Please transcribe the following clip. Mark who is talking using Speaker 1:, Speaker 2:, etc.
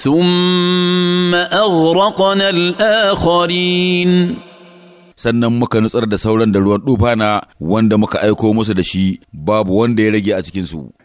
Speaker 1: ثم أغرقنا الآخرين sannan muka nutsar da sauran da ruwan tufana wanda muka aiko musu da shi babu
Speaker 2: wanda ya rage a cikinsu